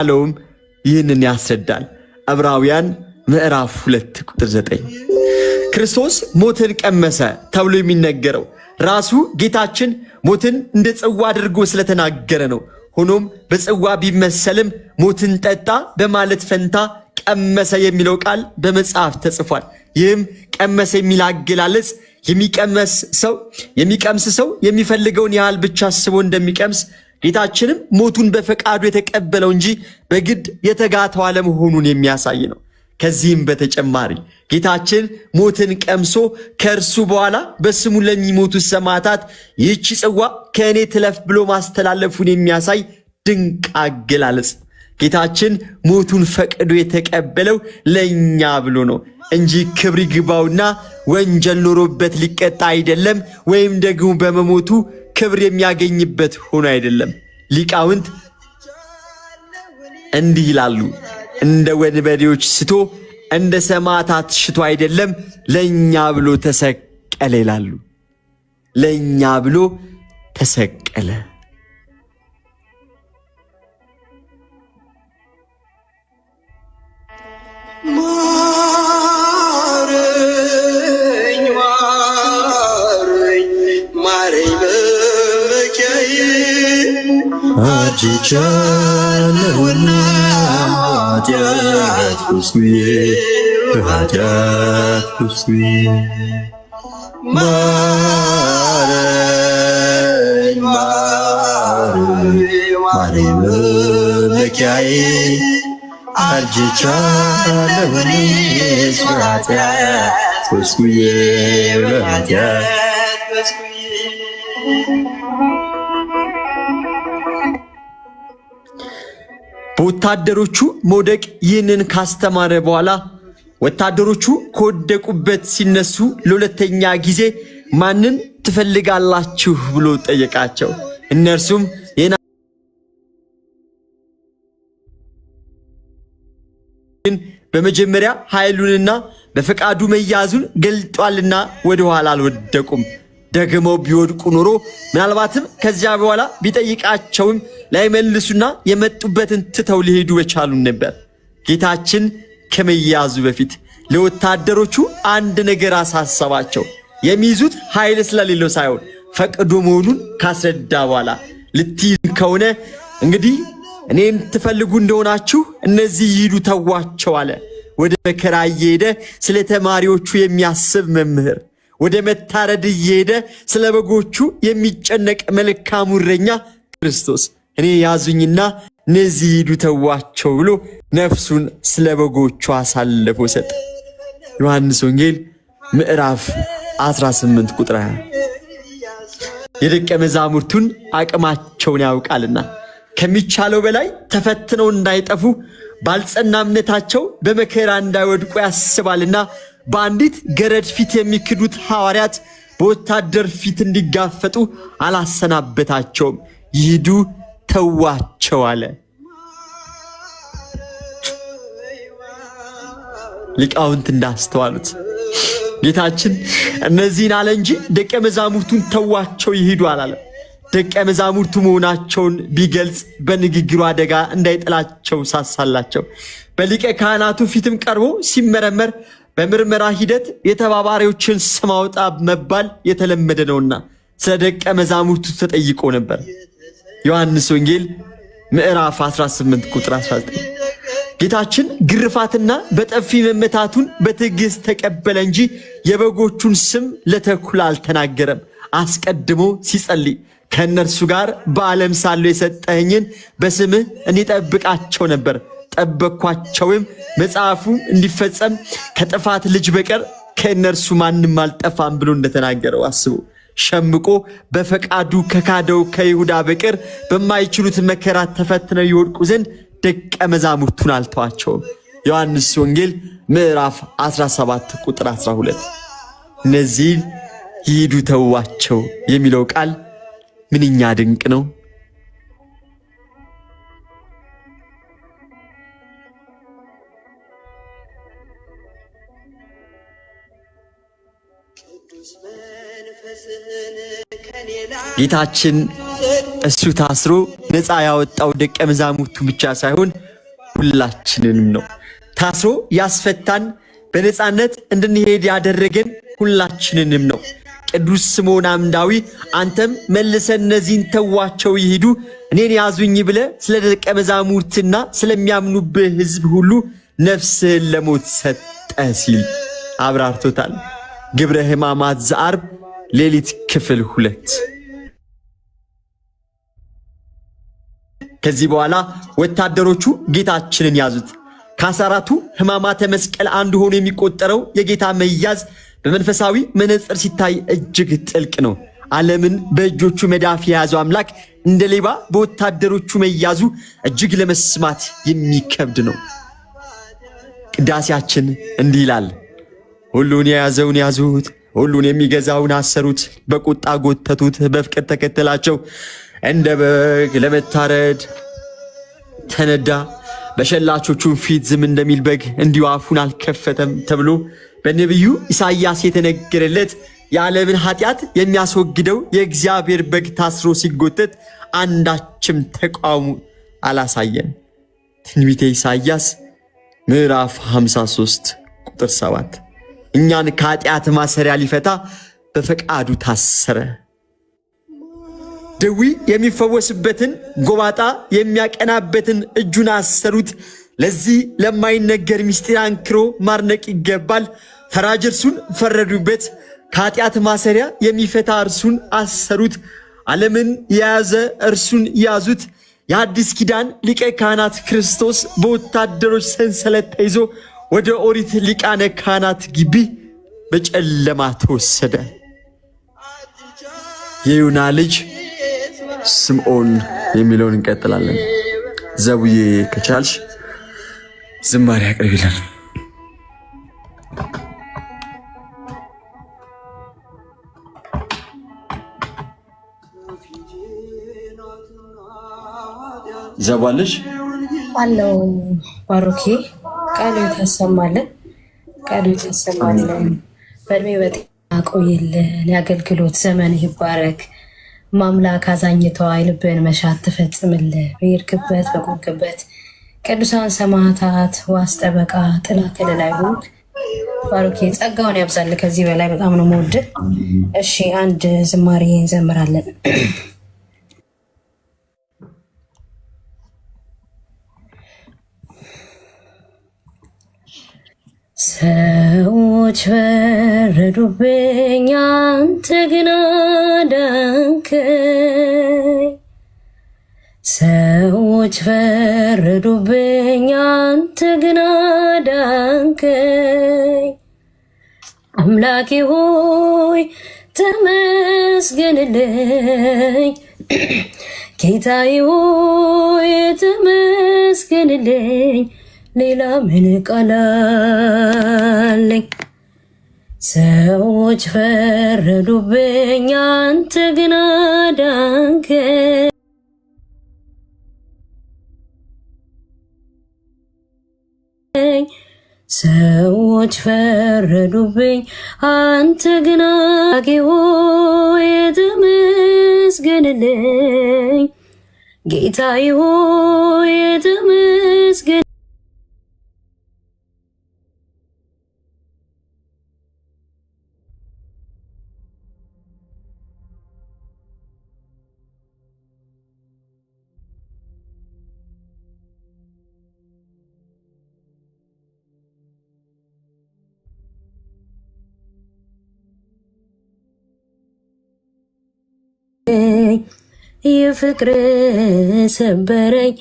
አለውም ይህንን ያስረዳል። ዕብራውያን ምዕራፍ 2 ቁጥር 9 ክርስቶስ ሞትን ቀመሰ ተብሎ የሚነገረው ራሱ ጌታችን ሞትን እንደ ጽዋ አድርጎ ስለተናገረ ነው። ሆኖም በጽዋ ቢመሰልም ሞትን ጠጣ በማለት ፈንታ ቀመሰ የሚለው ቃል በመጽሐፍ ተጽፏል። ይህም ቀመሰ የሚል አገላለጽ የሚቀመስ ሰው የሚቀምስ ሰው የሚፈልገውን ያህል ብቻ አስቦ እንደሚቀምስ ጌታችንም ሞቱን በፈቃዱ የተቀበለው እንጂ በግድ የተጋተው አለመሆኑን የሚያሳይ ነው። ከዚህም በተጨማሪ ጌታችን ሞትን ቀምሶ ከእርሱ በኋላ በስሙ ለሚሞቱ ሰማዕታት ይህች ጽዋ ከእኔ ትለፍ ብሎ ማስተላለፉን የሚያሳይ ድንቅ አገላለጽ። ጌታችን ሞቱን ፈቅዶ የተቀበለው ለእኛ ብሎ ነው እንጂ ክብር ይግባውና ወንጀል ኖሮበት ሊቀጣ አይደለም፣ ወይም ደግሞ በመሞቱ ክብር የሚያገኝበት ሆኖ አይደለም። ሊቃውንት እንዲህ ይላሉ፣ እንደ ወንበዴዎች ስቶ እንደ ሰማዕታት ሽቶ አይደለም ለእኛ ብሎ ተሰቀለ ይላሉ። ለእኛ ብሎ ተሰቀለ። አርጅቻለሁና ኃጢአት አርጅቻለሁኔ ኃጢአት ውስጥዬ ኃጢአት ውስጥዬ በወታደሮቹ መውደቅ ይህንን ካስተማረ በኋላ ወታደሮቹ ከወደቁበት ሲነሱ ለሁለተኛ ጊዜ ማንን ትፈልጋላችሁ ብሎ ጠየቃቸው። እነርሱም ግን በመጀመሪያ ኃይሉንና በፈቃዱ መያዙን ገልጧልና ወደ ኋላ አልወደቁም። ደክመው ቢወድቁ ኖሮ ምናልባትም ከዚያ በኋላ ቢጠይቃቸውም ላይመልሱና የመጡበትን ትተው ሊሄዱ በቻሉ ነበር። ጌታችን ከመያዙ በፊት ለወታደሮቹ አንድ ነገር አሳሰባቸው። የሚይዙት ኃይል ስለሌለው ሳይሆን ፈቅዶ መሆኑን ካስረዳ በኋላ ልትይዝ ከሆነ እንግዲህ እኔን ትፈልጉ እንደሆናችሁ እነዚህ ይሂዱ ተዋቸው አለ። ወደ መከራ እየሄደ ስለ ተማሪዎቹ የሚያስብ መምህር ወደ መታረድ እየሄደ ስለ በጎቹ የሚጨነቅ መልካሙ እረኛ ክርስቶስ እኔ ያዙኝና እነዚህ ሂዱ ተዋቸው ብሎ ነፍሱን ስለ በጎቹ አሳልፎ ሰጠ። ዮሐንስ ወንጌል ምዕራፍ 18 ቁጥር የደቀ መዛሙርቱን አቅማቸውን ያውቃልና ከሚቻለው በላይ ተፈትነው እንዳይጠፉ ባልጸና እምነታቸው በመከራ እንዳይወድቁ ያስባልና በአንዲት ገረድ ፊት የሚክዱት ሐዋርያት በወታደር ፊት እንዲጋፈጡ አላሰናበታቸውም። ይሂዱ ተዋቸው አለ። ሊቃውንት እንዳስተዋሉት ጌታችን እነዚህን አለ እንጂ ደቀ መዛሙርቱን ተዋቸው ይሂዱ አላለም። ደቀ መዛሙርቱ መሆናቸውን ቢገልጽ በንግግሩ አደጋ እንዳይጥላቸው ሳሳላቸው። በሊቀ ካህናቱ ፊትም ቀርቦ ሲመረመር በምርመራ ሂደት የተባባሪዎችን ስም አውጣ መባል የተለመደ ነውና ስለ ደቀ መዛሙርቱ ተጠይቆ ነበር። ዮሐንስ ወንጌል ምዕራፍ 18 ቁጥር 19። ጌታችን ግርፋትና በጠፊ መመታቱን በትዕግሥት ተቀበለ እንጂ የበጎቹን ስም ለተኩላ አልተናገረም። አስቀድሞ ሲጸልይ ከእነርሱ ጋር በዓለም ሳለሁ የሰጠኸኝን በስምህ እንጠብቃቸው ነበር ጠበቅኳቸውም፣ መጽሐፉ እንዲፈጸም ከጥፋት ልጅ በቀር ከእነርሱ ማንም አልጠፋም ብሎ እንደተናገረው አስቡ። ሸምቆ በፈቃዱ ከካደው ከይሁዳ በቀር በማይችሉት መከራ ተፈትነው ይወድቁ ዘንድ ደቀ መዛሙርቱን አልተዋቸውም። ዮሐንስ ወንጌል ምዕራፍ 17 ቁጥር 12። እነዚህን ይሂዱ ተዋቸው የሚለው ቃል ምንኛ ድንቅ ነው! ጌታችን እሱ ታስሮ ነፃ ያወጣው ደቀ መዛሙርቱ ብቻ ሳይሆን ሁላችንንም ነው። ታስሮ ያስፈታን በነፃነት እንድንሄድ ያደረገን ሁላችንንም ነው። ቅዱስ ስምዖን አምዳዊ አንተም መልሰ እነዚህን ተዋቸው ይሄዱ እኔን ያዙኝ ብለ ስለ ደቀ መዛሙርትና ስለሚያምኑብህ ሕዝብ ሁሉ ነፍስህን ለሞት ሰጠ ሲል አብራርቶታል። ግብረ ሕማማት ዘአርብ ሌሊት ክፍል ሁለት። ከዚህ በኋላ ወታደሮቹ ጌታችንን ያዙት። ከአስራ አራቱ ሕማማተ መስቀል አንዱ ሆኖ የሚቆጠረው የጌታ መያዝ በመንፈሳዊ መነጽር ሲታይ እጅግ ጥልቅ ነው። ዓለምን በእጆቹ መዳፍ የያዘው አምላክ እንደ ሌባ በወታደሮቹ መያዙ እጅግ ለመስማት የሚከብድ ነው። ቅዳሴያችን እንዲህ ይላል፦ ሁሉን የያዘውን ያዙት ሁሉን የሚገዛውን አሰሩት፣ በቁጣ ጎተቱት፣ በፍቅር ተከተላቸው። እንደ በግ ለመታረድ ተነዳ። በሸላቾቹን ፊት ዝም እንደሚል በግ እንዲሁ አፉን አልከፈተም ተብሎ በነቢዩ ኢሳይያስ የተነገረለት የዓለምን ኃጢአት የሚያስወግደው የእግዚአብሔር በግ ታስሮ ሲጎተት አንዳችም ተቃውሞ አላሳየም። ትንቢተ ኢሳይያስ ምዕራፍ 53 ቁጥር 7 እኛን ከኃጢአት ማሰሪያ ሊፈታ በፈቃዱ ታሰረ። ደዊ የሚፈወስበትን ጎባጣ የሚያቀናበትን እጁን አሰሩት። ለዚህ ለማይነገር ምስጢር አንክሮ ማድነቅ ይገባል። ፈራጅ እርሱን ፈረዱበት፣ ከኃጢአት ማሰሪያ የሚፈታ እርሱን አሰሩት። ዓለምን የያዘ እርሱን ያዙት። የአዲስ ኪዳን ሊቀ ካህናት ክርስቶስ በወታደሮች ሰንሰለት ተይዞ ወደ ኦሪት ሊቃነ ካህናት ግቢ በጨለማ ተወሰደ። የዩና ልጅ ስምዖን የሚለውን እንቀጥላለን። ዘቡዬ ከቻልሽ ዝማሬ አቅርቢለን። ዘቧለሽ አለው ባሮኬ ቃሉ ታሰማለን፣ ቃሉ ታሰማለን። በእድሜ በጤና ቆይልን። የአገልግሎት ዘመን ይባረክ። ማምላክ አዛኝተዋ የልብን መሻት ትፈጽምል። በሄድክበት በቆምክበት ቅዱሳን ሰማዕታት ዋስ ጠበቃ ጥላ ክልል ሆንክ ባሮኬ ጸጋውን ያብዛል። ከዚህ በላይ በጣም ነው መውደድ። እሺ አንድ ዝማሬ እንዘምራለን። ሰዎች ፈረዱብኝ፣ አንተ ግን አዳንከኝ። ሰዎች ፈረዱብኝ፣ አንተ ግን አዳንከኝ። አምላኬ ሆይ ተመስገንልኝ፣ ጌታዬ ሆይ ተመስገንልኝ ሌላ ምን ቃል አለኝ? ሰዎች ፈረዱብኝ፣ አንተ ግን አዳንከኝ። ሰዎች ፈረዱብኝ፣ አንተ ግን ጌሆ የተመስገንልኝ ጌታ ይሆ የተመስገን የፍቅር ሰበረኝ